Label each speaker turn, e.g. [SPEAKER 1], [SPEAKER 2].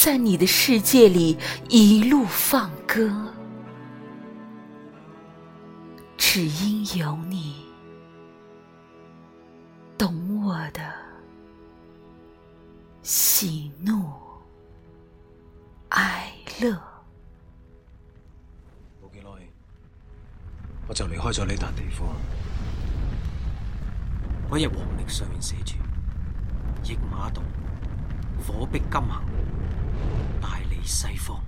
[SPEAKER 1] 在你的世界裏一路放歌，只因有你懂我的喜怒哀樂。冇幾耐，我就離開咗呢笪地方。嗰日黃曆上面寫住驛馬動，火壁金行。西方。